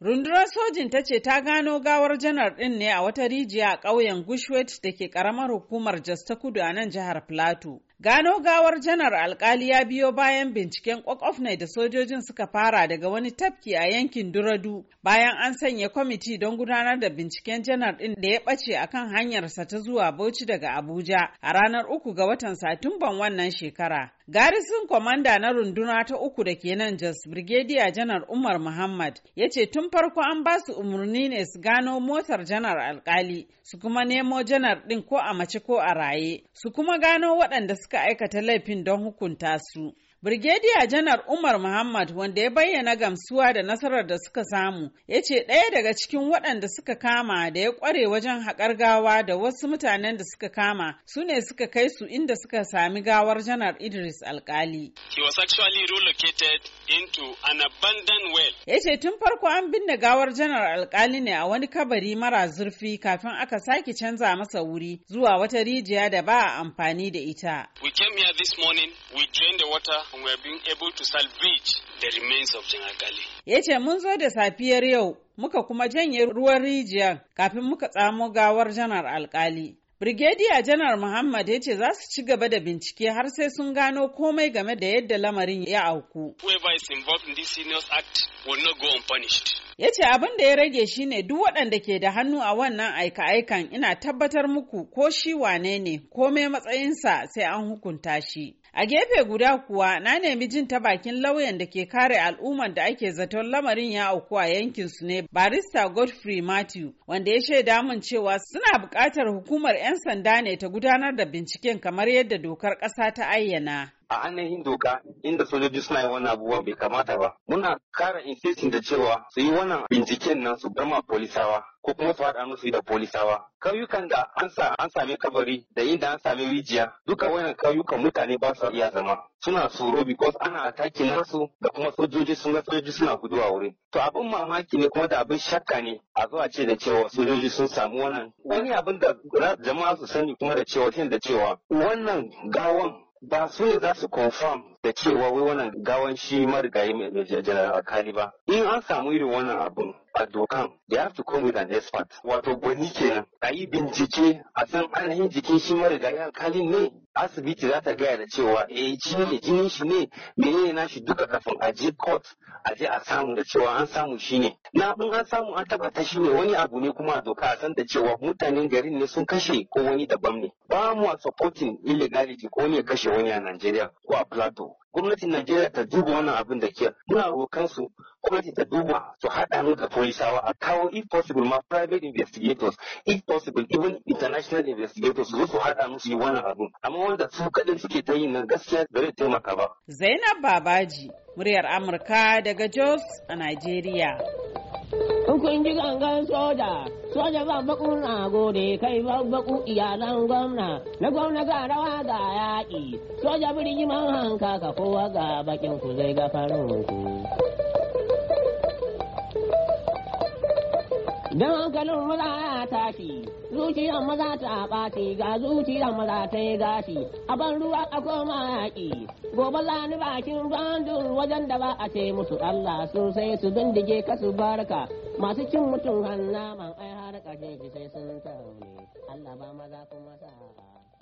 Rundunar sojin ta ce ta gano gawar janar ɗin ne a wata rijiya a ƙauyen Gushwet da ke ƙaramar hukumar Jos ta kudu a nan jihar Plateau. Gano gawar janar alkali ya biyo bayan binciken of da sojojin suka fara daga wani tafki a yankin Duradu bayan an sanya kwamiti don gudanar da binciken janar ɗin da ya ɓace a kan hanyarsa ta zuwa Bauchi daga Abuja a ranar uku ga watan Satumban wannan shekara. Garisin kwamanda na runduna ta uku da ke nan Jos Brigadier Janar Umar Muhammad ya ce tun farko an ba su umarni ne su gano motar janar alkali su kuma nemo janar ɗin ko a mace ko a raye su kuma gano waɗanda suka aikata laifin don hukunta su. Birgediya Janar Umar Muhammad wanda ya bayyana gamsuwa da nasarar da suka samu ya ce ɗaya daga cikin waɗanda suka kama da ya ƙware wajen haƙar gawa da wasu mutanen da suka kama su ne suka kai su inda suka sami gawar Janar Idris Alkali. He was actually relocated into an abandoned well. Ya ce tun farko an binne gawar Janar Alkali ne a wani kabari mara zurfi kafin aka sake canza masa wuri zuwa wata rijiya da ba a amfani da ita. We came here this morning, we drained the water and we have able the remains of Ya ce mun zo da safiyar yau muka kuma janye ruwan rijiyar kafin muka tsamo gawar janar alkali. Brigadier Janar Muhammad ya ce za su ci gaba da bincike har sai sun gano komai game da yadda lamarin ya auku. Ya ce abin da ya rage shi ne duk waɗanda ke da hannu a wannan aika-aikan ina tabbatar muku ko shi wane ne komai matsayinsa sai an hukunta shi. A gefe guda kuwa na nemi jin ta bakin lauyan da ke kare al'ummar da ake zaton lamarin ya auku a yankin su ne barista Godfrey Matthew wanda ya shaida mun cewa suna buƙatar hukumar 'yan sanda ne ta gudanar da binciken kamar yadda dokar ƙasa ta ayyana. a ainihin doka inda sojoji suna yi wannan abubuwa bai kamata ba. Muna kara insistin da cewa su yi wannan binciken nan su gama polisawa ko kuma su haɗa musu da polisawa. Kauyukan da an sa an sami kabari da inda an sami rijiya duka wayan kauyukan mutane ba su iya zama. Suna tsoro because ana ataki nasu da kuma sojoji sun ga sojoji suna guduwa wurin. To abin mamaki ne kuma da abin shakka ne a zuwa ce da cewa sojoji sun samu wannan. Wani abin da jama'a su sani kuma da cewa da cewa wannan gawan That's it, that's confirmed. da cewa wai wannan gawan shi marigayi janar alkali ba in an samu irin wannan abu? a dokan they have to come with an expert wato gwani kenan a yi bincike a san ainihin jikin shi marigayi alkali ne asibiti za ta gaya da cewa eh shi ne jinin shi ne menene na shi duka kafin a je court a je a samu da cewa an samu shi ne na abin an samu an tabbata shi ne wani abu ne kuma a doka a san da cewa mutanen garin ne sun kashe ko wani daban ne ba mu a supporting illegality ko ne kashe wani a Najeriya ko a Plateau gwamnatin Najeriya ta duba wannan abin da ke muna abokan su gwamnati ta duba su haɗa mu da polisawa a kawo if possible ma private investigators if possible even international investigators su su haɗa musu yi wannan abin amma wanda su kaɗin suke ta yi nan gaskiya ba zai taimaka ba. Zainab Babaji, muryar Amurka daga Jos a Najeriya. kun ji gangan soja soja ba baku na gode kai ba baku iyalan gwamna na gwamna ga rawa ga yaƙi soja birgiman hanka ka kowa ga bakin ku zai ga farin Dankalin maza ya tashi, zuciyar maza ta ɓaci ga zuciyar maza ta yi gashi, a ban ruwa a koma yaƙi. Gobe lani bakin bandun wajen da ba a ce musu Allah sosai su bindige ka su barka. Masu cin mutum hannaman ai har ƙashe shi sai sun taune. Allah ba maza kuma sa'a.